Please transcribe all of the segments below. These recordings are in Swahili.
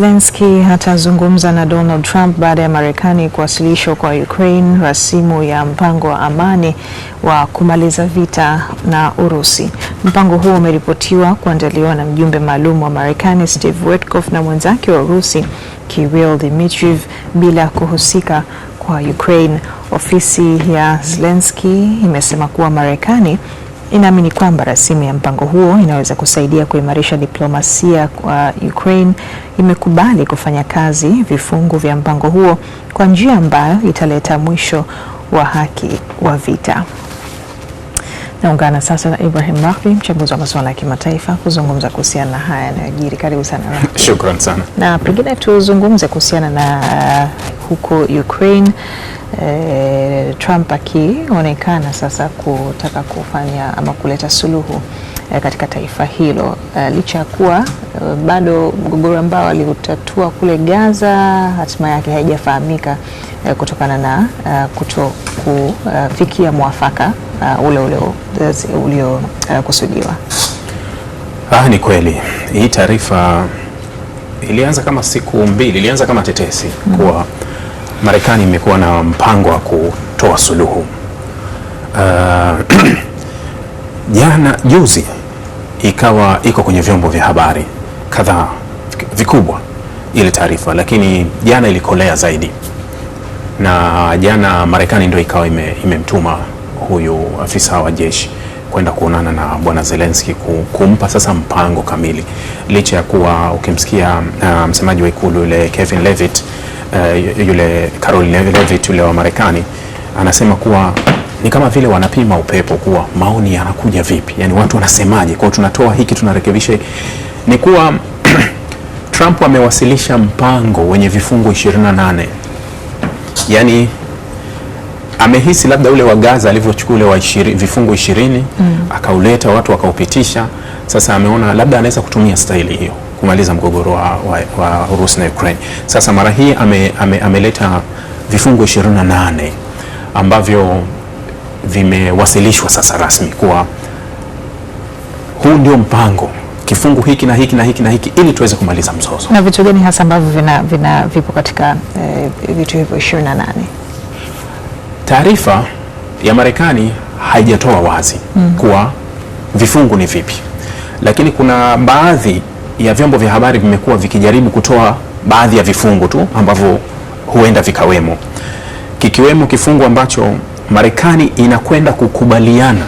Zelensky hatazungumza na Donald Trump baada ya Marekani kuwasilishwa kwa Ukraine rasimu ya mpango wa amani wa kumaliza vita na Urusi. Mpango huo umeripotiwa kuandaliwa na mjumbe maalum wa Marekani Steve Witkoff na mwenzake wa Urusi Kirill Dmitriev bila kuhusika kwa Ukraine. Ofisi ya Zelensky imesema kuwa Marekani inaamini kwamba rasimu ya mpango huo inaweza kusaidia kuimarisha diplomasia kwa Ukraine imekubali kufanya kazi vifungu vya mpango huo kwa njia ambayo italeta mwisho wa haki wa vita. Naungana sasa na Ibrahim Rahbi, mchambuzi wa masuala ya kimataifa kuzungumza kuhusiana na haya yanayojiri. Karibu sana Rahbi. Shukran sana. Na pengine tuzungumze kuhusiana na uh, huko Ukraine eh, Trump akionekana sasa kutaka kufanya ama kuleta suluhu eh, katika taifa hilo eh, licha ya kuwa eh, bado mgogoro ambao aliutatua kule Gaza hatima yake haijafahamika eh, kutokana na eh, kuto kufikia mwafaka e, ule uliokusudiwa. Eh, e, ah, ni kweli hii taarifa ilianza kama siku mbili, ilianza kama tetesi mm. kuwa Marekani imekuwa na mpango wa kutoa suluhu uh, jana juzi ikawa iko kwenye vyombo vya habari kadhaa vikubwa ile taarifa, lakini jana ilikolea zaidi, na jana Marekani ndio ikawa imemtuma ime huyu afisa wa jeshi kwenda kuonana na bwana Zelensky kumpa sasa mpango kamili, licha ya kuwa ukimsikia uh, msemaji wa ikulu yule Kevin Levitt uh, yule Carol Levitt yule wa Marekani anasema kuwa ni kama vile wanapima upepo kuwa maoni yanakuja vipi, yani watu wanasemaje, kwao tunatoa hiki tunarekebisha. Ni kuwa Trump amewasilisha mpango wenye vifungu 28 yani amehisi labda ule wa Gaza alivyochukua ule wa ishiri, vifungu ishirini mm. Akauleta watu wakaupitisha. Sasa ameona labda anaweza kutumia staili hiyo kumaliza mgogoro wa, wa, wa Urusi na Ukraine. Sasa mara hii ame, ame, ameleta vifungu 28 ambavyo vimewasilishwa sasa rasmi kuwa huu ndio mpango kifungu hiki na hiki na hiki na hiki ili tuweze kumaliza mzozo. Na vitu gani hasa ambavyo vina, vina vipo katika e, vitu hivyo 28? Taarifa ya Marekani haijatoa wazi mm, kuwa vifungu ni vipi, lakini kuna baadhi ya vyombo vya habari vimekuwa vikijaribu kutoa baadhi ya vifungu tu ambavyo huenda vikawemo, kikiwemo kifungu ambacho Marekani inakwenda kukubaliana,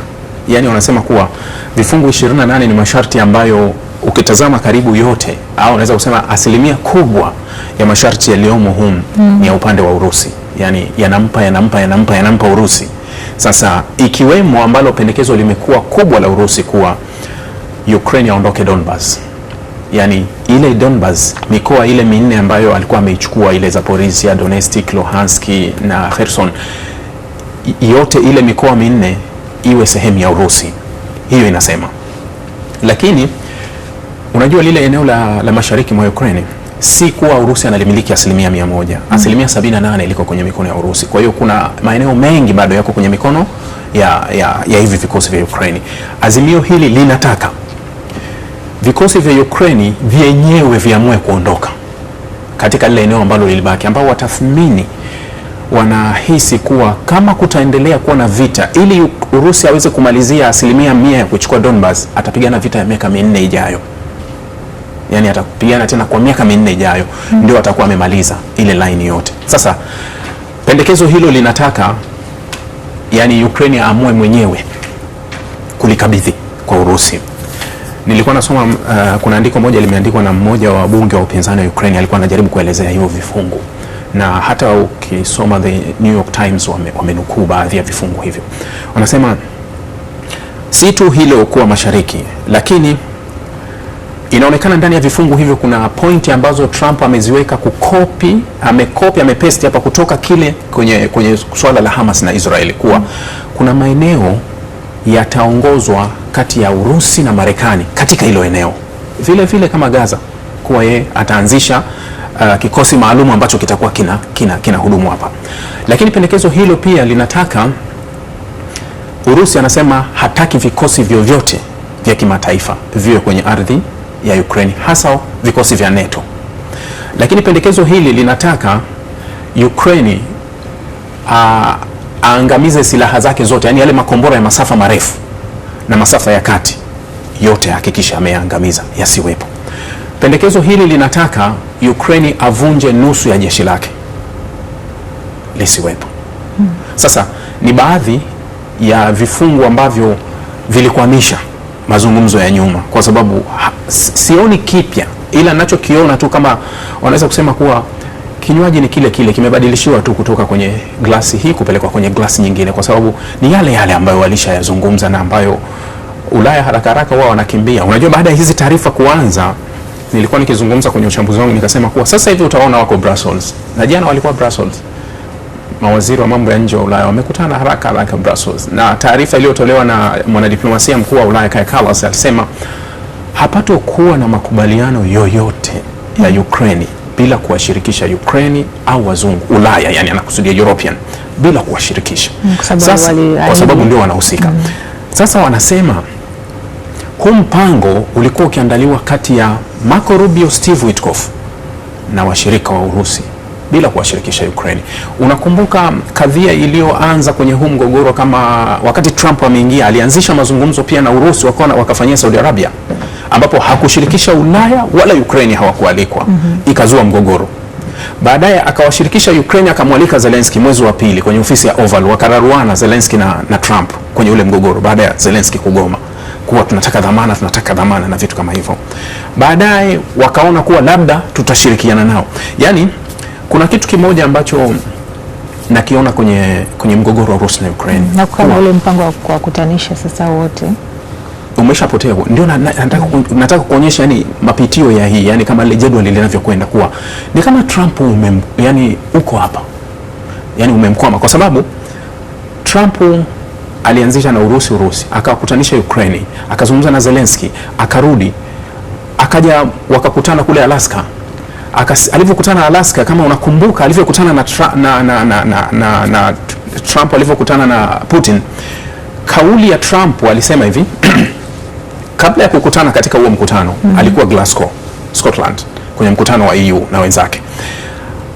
yani wanasema kuwa vifungu 28 ni masharti ambayo ukitazama karibu yote au unaweza kusema asilimia kubwa ya masharti yaliyomo humu mm. ni ya upande wa Urusi, yani yanampa yanampa yanampa yanampa Urusi. Sasa ikiwemo ambalo pendekezo limekuwa kubwa la Urusi kuwa Ukraine aondoke Donbas mm yani ile Donbas, mikoa ile minne ambayo alikuwa ameichukua ile Zaporizhia, Donetsk, Luhansk na Kherson, yote ile mikoa minne iwe sehemu ya Urusi, hiyo inasema. Lakini unajua lile eneo la, la mashariki mwa Ukraine si kuwa Urusi analimiliki asilimia mia moja. Mm. Asilimia 78 iliko kwenye mikono ya Urusi. Kwa hiyo kuna maeneo mengi bado yako kwenye mikono ya, ya, ya hivi vikosi vya Ukraine. Azimio hili linataka vikosi vya Ukraini vyenyewe viamue kuondoka katika lile eneo ambalo lilibaki, ambao watathmini wanahisi kuwa kama kutaendelea kuwa na vita, ili Urusi aweze kumalizia asilimia mia ya kuchukua Donbas, atapigana vita ya miaka minne ijayo. Yani atapigana tena kwa miaka minne ijayo mm. Ndio atakuwa amemaliza ile line yote. Sasa pendekezo hilo linataka yani Ukraini aamue mwenyewe kulikabidhi kwa Urusi. Nilikuwa nasoma uh, kuna andiko moja limeandikwa na mmoja wa wabunge wa upinzani wa Ukraine, alikuwa anajaribu kuelezea hivyo vifungu, na hata ukisoma the New York Times wamenukuu wame baadhi ya vifungu hivyo, wanasema si tu hilo kuwa mashariki, lakini inaonekana ndani ya vifungu hivyo kuna pointi ambazo Trump ameziweka kukopi, amekopi, amepesti hapa kutoka kile kwenye, kwenye swala la Hamas na Israeli kuwa kuna maeneo yataongozwa kati ya Urusi na Marekani katika hilo eneo. Vile vile kama Gaza, kuwa yeye ataanzisha uh, kikosi maalum ambacho kitakuwa kina, kina, kina hudumu hapa. Lakini pendekezo hilo pia linataka Urusi anasema hataki vikosi vyovyote vya kimataifa viwe kwenye ardhi ya Ukraine hasa vikosi vya NATO. Lakini pendekezo hili linataka Ukraine uh, aangamize silaha zake zote, yani yale makombora ya masafa marefu na masafa ya kati yote, hakikisha ameyaangamiza yasiwepo. Pendekezo hili linataka Ukraini avunje nusu ya jeshi lake lisiwepo. Sasa ni baadhi ya vifungu ambavyo vilikwamisha mazungumzo ya nyuma, kwa sababu ha, sioni kipya, ila nachokiona tu kama wanaweza kusema kuwa kinywaji ni kile kile, kimebadilishiwa tu kutoka kwenye glasi hii kupelekwa kwenye glasi nyingine, kwa sababu ni yale yale ambayo walishayazungumza na ambayo Ulaya haraka haraka wao wanakimbia. Unajua, baada ya hizi taarifa kuanza, nilikuwa nikizungumza kwenye uchambuzi wangu nikasema kuwa sasa hivi utaona wako Brussels na jana walikuwa Brussels, mawaziri wa mambo ya nje wa Ulaya wamekutana haraka haraka Brussels, na taarifa iliyotolewa na mwanadiplomasia mkuu wa Ulaya Kai Kallas alisema hapatokuwa na makubaliano yoyote ya Ukraine bila kuwashirikisha Ukraine au wazungu Ulaya, yani anakusudia European, bila kuwashirikisha mm, kwa sababu ndio wanahusika. mm. Sasa wanasema huu mpango ulikuwa ukiandaliwa kati ya Marco Rubio, Steve Witkoff na washirika wa Urusi bila kuwashirikisha Ukraine. Unakumbuka kadhia iliyoanza kwenye huu mgogoro, kama wakati Trump ameingia, alianzisha mazungumzo pia na Urusi, wakaona wakafanyia Saudi Arabia ambapo hakushirikisha Ulaya wala Ukraine hawakualikwa mm -hmm. Ikazua mgogoro baadaye akawashirikisha Ukraine, akamwalika Zelensky mwezi wa pili kwenye ofisi ya Oval, wakararuana Zelensky na, na Trump kwenye ule mgogoro, baada ya Zelensky kugoma kuwa tunataka dhamana, tunataka dhamana na vitu kama hivyo. Baadaye wakaona kuwa labda tutashirikiana nao. yani kuna kitu kimoja ambacho nakiona kwenye, kwenye mgogoro wa Russia na Ukraine na kwa ule mpango wa kukutanisha sasa wote umeshapotea. Ndio na, na, nataka nataka kuonyesha yani mapitio ya hii yani kama jedwali linavyokwenda kuwa ni kama Trump umem, yani uko hapa yani umemkwama, kwa sababu Trump alianzisha na Urusi Urusi akawakutanisha Ukraini, akazungumza na Zelensky, akarudi akaja wakakutana kule Alaska alivyokutana Alaska, kama unakumbuka alivyokutana na, na, na, na, na, na, na Trump alivyokutana na Putin, kauli ya Trump alisema hivi kabla ya kukutana katika huo mkutano mm -hmm. alikuwa Glasgow, Scotland kwenye mkutano wa EU na wenzake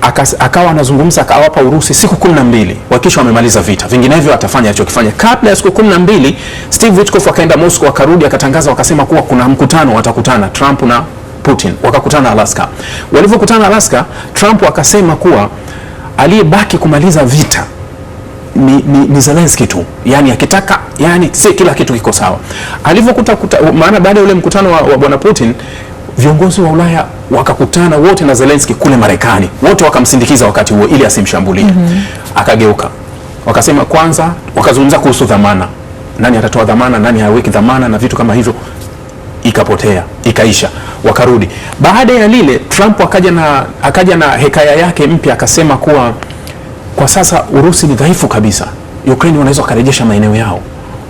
Akas, akawa anazungumza akawapa Urusi siku kumi na mbili wakisha wamemaliza vita, vinginevyo atafanya alichokifanya. Kabla ya siku kumi na mbili Steve Witkoff akaenda Moscow, akarudi akatangaza, wakasema kuwa kuna mkutano watakutana Trump na Putin, wakakutana Alaska. Walivyokutana Alaska, Trump akasema kuwa aliyebaki kumaliza vita ni, ni, ni Zelensky tu yani akitaka yani, si kila kitu kiko sawa alivyokuta. Maana baada ya ule mkutano wa, wa bwana Putin viongozi wa Ulaya wakakutana wote na Zelensky kule Marekani, wote wakamsindikiza wakati huo ili asimshambulie. mm -hmm. Akageuka wakasema, kwanza wakazungumza kuhusu dhamana, nani atatoa dhamana, nani haweki dhamana na vitu kama hivyo, ikapotea ikaisha. Wakarudi baada ya lile, Trump akaja na, akaja na hekaya yake mpya akasema kuwa kwa sasa Urusi ni dhaifu kabisa. Ukraine wanaweza wakarejesha maeneo yao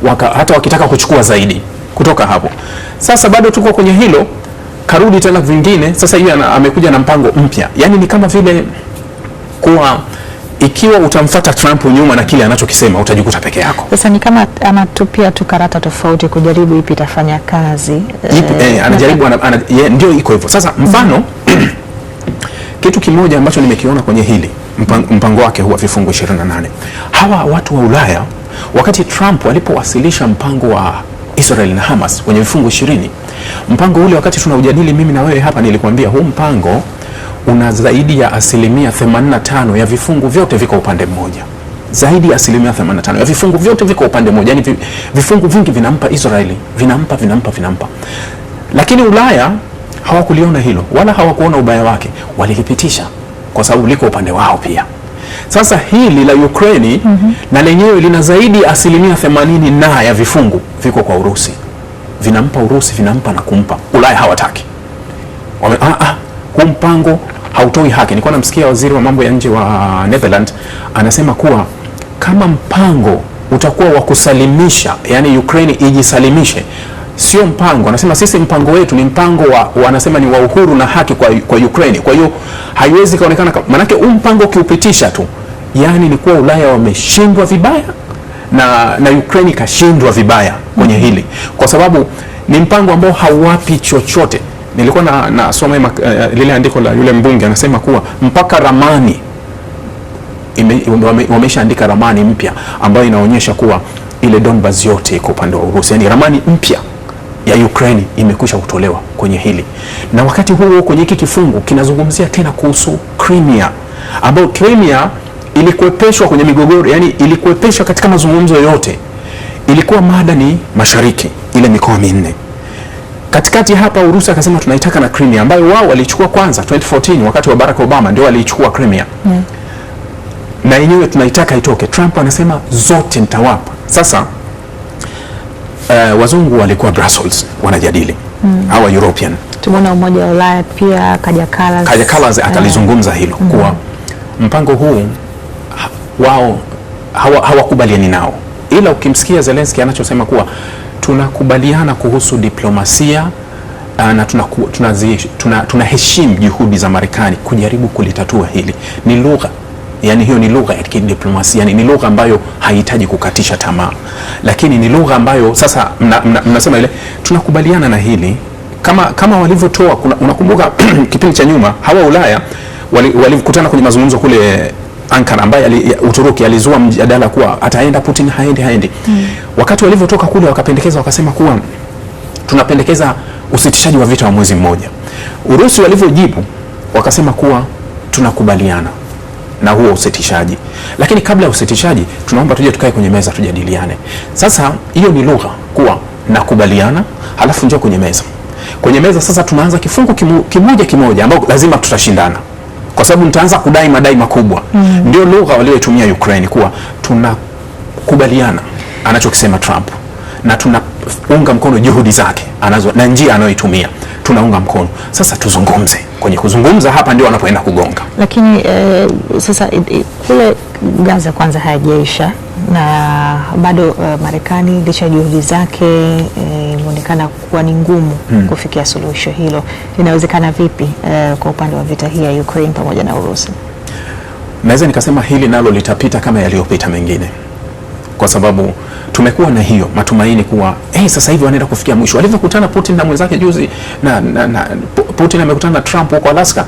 waka, hata wakitaka kuchukua zaidi kutoka hapo. Sasa bado tuko kwenye hilo, karudi tena vingine. Sasa yeye amekuja na mpango mpya, yaani ni kama vile kuwa ikiwa utamfata Trump nyuma na kile anachokisema utajikuta peke yako. Sasa ni kama anatupia tu karata tofauti kujaribu ipi itafanya kazi. Ipi, eh, eh anajaribu ana, ana, yeah, ndio iko hivyo. Sasa mfano kitu kimoja ambacho nimekiona kwenye hili mpango wake huwa vifungu 28. Hawa watu wa Ulaya wakati Trump alipowasilisha mpango wa Israel na Hamas wenye vifungu 20, mpango ule wakati tunaujadili mimi na wewe hapa, nilikwambia huu mpango una zaidi ya asilimia 85 ya vifungu vyote viko upande mmoja zaidi ya asilimia 85 ya vifungu vyote viko upande mmoja, yani vifungu vingi vinampa Israeli, vinampa vinampa vinampa. Lakini Ulaya hawakuliona hilo wala hawakuona ubaya wake, walilipitisha kwa sababu liko upande wao pia. Sasa hili la Ukraine mm -hmm. na lenyewe lina zaidi asilimia themanini na ya vifungu viko kwa Urusi, vinampa Urusi, vinampa na kumpa Ulaya, hawataki wame, ah, ah, huu mpango hautoi haki. Nilikuwa namsikia waziri wa mambo ya nje wa Netherlands anasema kuwa kama mpango utakuwa wa kusalimisha, yani Ukraine ijisalimishe sio mpango. Anasema sisi mpango wetu ni mpango wa, anasema ni wa uhuru na haki kwa, kwa Ukraine. Kwa hiyo haiwezi kaonekana, manake huu mpango ukiupitisha tu, yani ni kuwa Ulaya wameshindwa vibaya na, na Ukraine ikashindwa vibaya kwenye mm-hmm. hili, kwa sababu ni mpango ambao hauwapi chochote. Nilikuwa na nasoma uh, eh, lile andiko la yule mbunge anasema kuwa mpaka ramani wameshaandika ramani mpya ambayo inaonyesha kuwa ile Donbas yote iko upande wa Urusi, yani ramani mpya ya Ukraine imekwisha kutolewa kwenye hili, na wakati huo kwenye hiki kifungu kinazungumzia tena kuhusu Crimea, ambayo Crimea ilikuepeshwa kwenye migogoro, yani ilikuepeshwa katika mazungumzo yote, ilikuwa mada ni mashariki, ile mikoa minne katikati hapa Urusi akasema tunaitaka na Crimea ambayo wao walichukua kwanza 2014 wakati wa Barack Obama ndio waliichukua Crimea. Mm. Na yenyewe tunaitaka itoke. Trump anasema zote nitawapa. Sasa uh, wazungu walikuwa Brussels wanajadili mm. hawa European. Tumeona umoja wa Ulaya pia Kaja Kallas, Kaja Kallas eh. atalizungumza hilo mm. kuwa mpango huu wao hawakubaliani hawa nao, ila ukimsikia Zelensky anachosema kuwa tunakubaliana kuhusu diplomasia eh, na tunaheshimu tuna, tuna juhudi za Marekani kujaribu kulitatua hili, ni lugha yani hiyo ni lugha ya kidiplomasia, yani ni lugha ambayo haihitaji kukatisha tamaa, lakini ni lugha ambayo sasa mnasema mna, mna ile tunakubaliana na hili kama, kama walivyotoa unakumbuka kipindi cha nyuma hawa Ulaya walikutana wali kwenye mazungumzo kule Ankara ambaye ali, Uturuki alizua mjadala kuwa ataenda Putin haendi haendi mm. Wakati walivyotoka kule wakapendekeza wakasema kuwa tunapendekeza usitishaji wa vita wa mwezi mmoja. Urusi walivyojibu wakasema kuwa tunakubaliana na huo usitishaji. Lakini kabla ya usitishaji, tunaomba tuje tukae kwenye meza tujadiliane. Sasa hiyo ni lugha kuwa nakubaliana, halafu njoo kwenye meza. Kwenye meza sasa tunaanza kifungu kimu, kimoja kimoja ambao lazima tutashindana kwa sababu nitaanza kudai madai makubwa. Mm. Ndio lugha walioitumia Ukraine kuwa tunakubaliana anachokisema Trump na tunaunga mkono juhudi zake anazo na njia anayoitumia tunaunga mkono. Sasa tuzungumze, kwenye kuzungumza hapa ndio wanapoenda kugonga. Lakini eh, sasa eh, eh, kule Gaza kwanza hayajaisha na bado uh, Marekani licha ya juhudi zake imeonekana eh, kuwa ni ngumu hmm, kufikia suluhisho hilo. Inawezekana vipi eh, kwa upande wa vita hii ya Ukraine pamoja na Urusi? Naweza nikasema hili nalo litapita kama yaliyopita mengine kwa sababu tumekuwa na hiyo matumaini kuwa hey, sasa hivi wanaenda kufikia mwisho. Alivyokutana Putin na mwenzake juzi na, na, na Putin amekutana na Trump huko Alaska,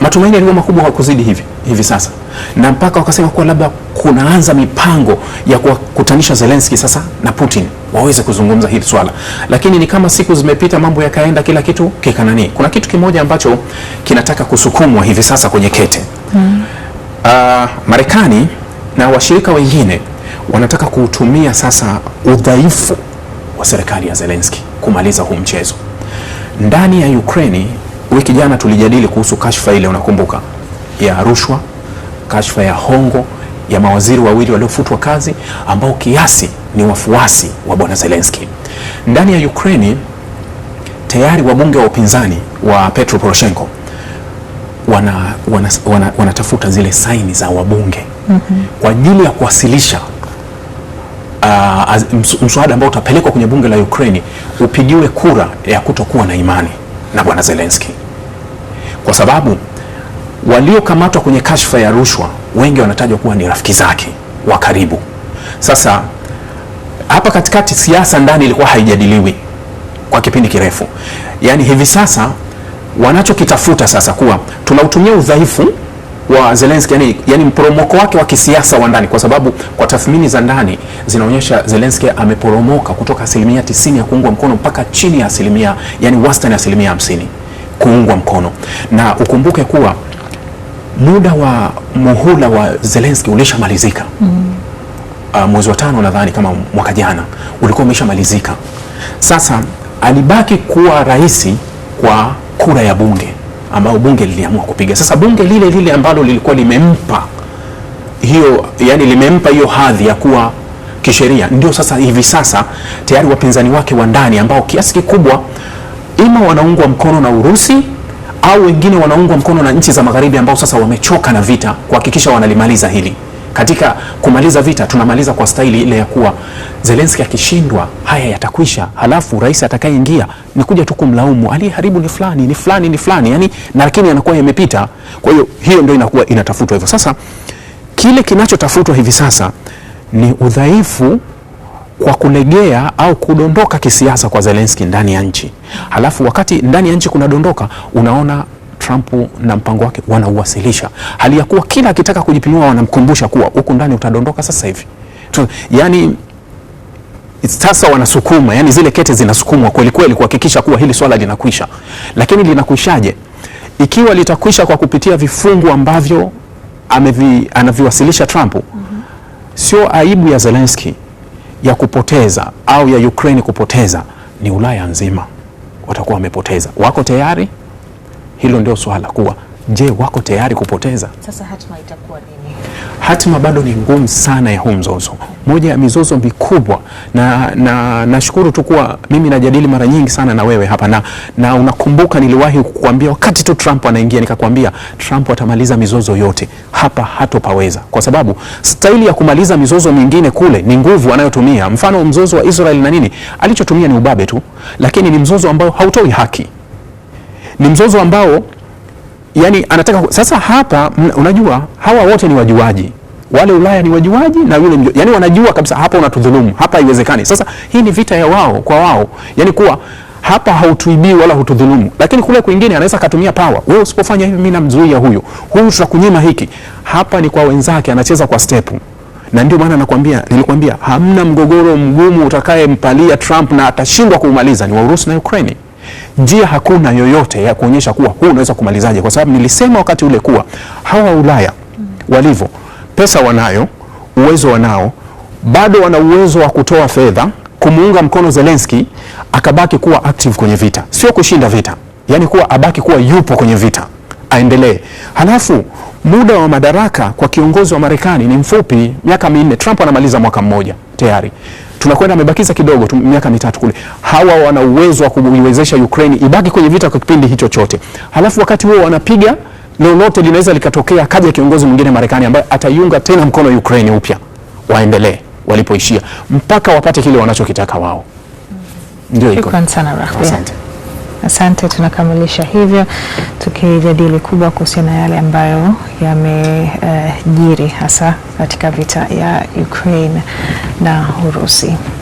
matumaini yalikuwa makubwa kwa kuzidi hivi hivi sasa, na mpaka wakasema kuwa labda kunaanza mipango ya kuwakutanisha Zelensky sasa na Putin waweze kuzungumza hili swala, lakini ni kama siku zimepita, mambo yakaenda, kila kitu kikanani. Kuna kitu kimoja ambacho kinataka kusukumwa hivi sasa kwenye kete mm. Uh, Marekani na washirika wengine wanataka kuutumia sasa udhaifu wa serikali ya Zelensky kumaliza huu mchezo ndani ya Ukraine. Wiki jana tulijadili kuhusu kashfa ile, unakumbuka, ya rushwa, kashfa ya hongo ya mawaziri wawili waliofutwa kazi ambao kiasi ni wafuasi wa bwana Zelensky. Ndani ya Ukraine tayari wabunge wa upinzani wa Petro Poroshenko wanatafuta wana, wana, wana zile saini za wabunge mm -hmm. kwa ajili ya kuwasilisha uh, mswada ambao utapelekwa kwenye bunge la Ukraine upigiwe kura ya kutokuwa na imani na bwana Zelensky, kwa sababu waliokamatwa kwenye kashfa ya rushwa wengi wanatajwa kuwa ni rafiki zake wa karibu. Sasa hapa katikati, siasa ndani ilikuwa haijadiliwi kwa kipindi kirefu, yaani hivi sasa wanachokitafuta sasa kuwa tunautumia udhaifu wa Zelensky yani, yani mporomoko wake wa kisiasa wa ndani, kwa sababu kwa tathmini za ndani zinaonyesha Zelensky ameporomoka kutoka asilimia 90 ya kuungwa mkono mpaka chini ya asilimia yani wastani ya asilimia 50 kuungwa mkono, na ukumbuke kuwa muda wa muhula wa Zelensky ulishamalizika mm. Uh, mwezi wa tano nadhani kama mwaka jana ulikuwa umeshamalizika. Sasa alibaki kuwa rais kwa kura ya bunge ambao bunge liliamua kupiga. Sasa bunge lile lile ambalo lilikuwa limempa hiyo, yani limempa hiyo hadhi ya kuwa kisheria, ndio sasa hivi sasa tayari wapinzani wake wa ndani ambao kiasi kikubwa ima wanaungwa mkono na Urusi au wengine wanaungwa mkono na nchi za Magharibi ambao sasa wamechoka na vita kuhakikisha wanalimaliza hili katika kumaliza vita, tunamaliza kwa staili ile ya kuwa Zelensky akishindwa haya yatakwisha, halafu rais atakayeingia ni kuja tu kumlaumu aliyeharibu ni fulani ni fulani ni fulani, yani na lakini anakuwa yamepita. Kwa hiyo hiyo ndio inakuwa inatafutwa hivyo. Sasa kile kinachotafutwa hivi sasa ni udhaifu kwa kulegea au kudondoka kisiasa kwa Zelensky ndani ya nchi, halafu wakati ndani ya nchi kunadondoka, unaona Trump na mpango wake wanauwasilisha, hali ya kuwa kila akitaka kujipinua wanamkumbusha kuwa huku ndani utadondoka sasa hivi. Yani sasa wanasukuma, yani zile kete zinasukumwa kweli kweli kuhakikisha kuwa hili swala linakwisha. Lakini linakwishaje ikiwa litakwisha kwa kupitia vifungu ambavyo amevi, anaviwasilisha Trump? mm -hmm. Sio aibu ya Zelensky ya kupoteza au ya Ukraine kupoteza, ni Ulaya nzima watakuwa wamepoteza. Wako tayari? Hilo ndio swala kuwa, je, wako tayari kupoteza? Sasa hatima itakuwa nini? Hatima bado ni ngumu sana ya huu mzozo, moja ya mizozo mikubwa, na na nashukuru tu kuwa mimi najadili mara nyingi sana na wewe hapa na, na unakumbuka niliwahi kukuambia wakati tu Trump anaingia, nikakwambia Trump atamaliza mizozo yote hapa, hatopaweza kwa sababu staili ya kumaliza mizozo mingine kule ni nguvu anayotumia. Mfano mzozo wa Israel na nini, alichotumia ni ubabe tu, lakini ni mzozo ambao hautoi haki ni mzozo ambao yani anataka sasa. Hapa unajua hawa wote ni wajuaji, wale Ulaya ni wajuaji na yule mjua, yani wanajua kabisa hapa unatudhulumu, hapa haiwezekani. Sasa hii ni vita ya wao kwa wao, yani kuwa hapa hautuibii wala hutudhulumu, lakini kule kwingine anaweza akatumia pawa, wewe usipofanya hivi mimi namzuia huyu, huyu tutakunyima hiki. Hapa ni kwa wenzake, anacheza kwa stepu na ndio maana nakwambia, nilikwambia hamna mgogoro mgumu utakayempalia Trump na atashindwa kuumaliza ni wa Urusi na Ukraini njia hakuna yoyote ya kuonyesha kuwa huu unaweza kumalizaje, kwa sababu nilisema wakati ule kuwa hawa Ulaya walivyo, pesa wanayo, uwezo wanao, bado wana uwezo wa kutoa fedha kumuunga mkono Zelensky akabaki kuwa active kwenye vita, sio kushinda vita, yani kuwa abaki kuwa yupo kwenye vita aendelee. Halafu muda wa madaraka kwa kiongozi wa Marekani ni mfupi, miaka minne. Trump anamaliza mwaka mmoja tayari tunakwenda amebakiza kidogo tu miaka mitatu kule. Hawa wana uwezo wa kuiwezesha Ukraine ibaki kwenye vita kwa kipindi hicho chote, halafu wakati huo wanapiga lolote linaweza likatokea, kaja kiongozi mwingine Marekani ambaye ataiunga tena mkono Ukraine upya, waendelee walipoishia mpaka wapate kile wanachokitaka wao. Ndio iko. Asante. Asante, tunakamilisha hivyo tukijadili kubwa kuhusiana na yale ambayo yamejiri uh, hasa katika vita ya Ukraine na Urusi.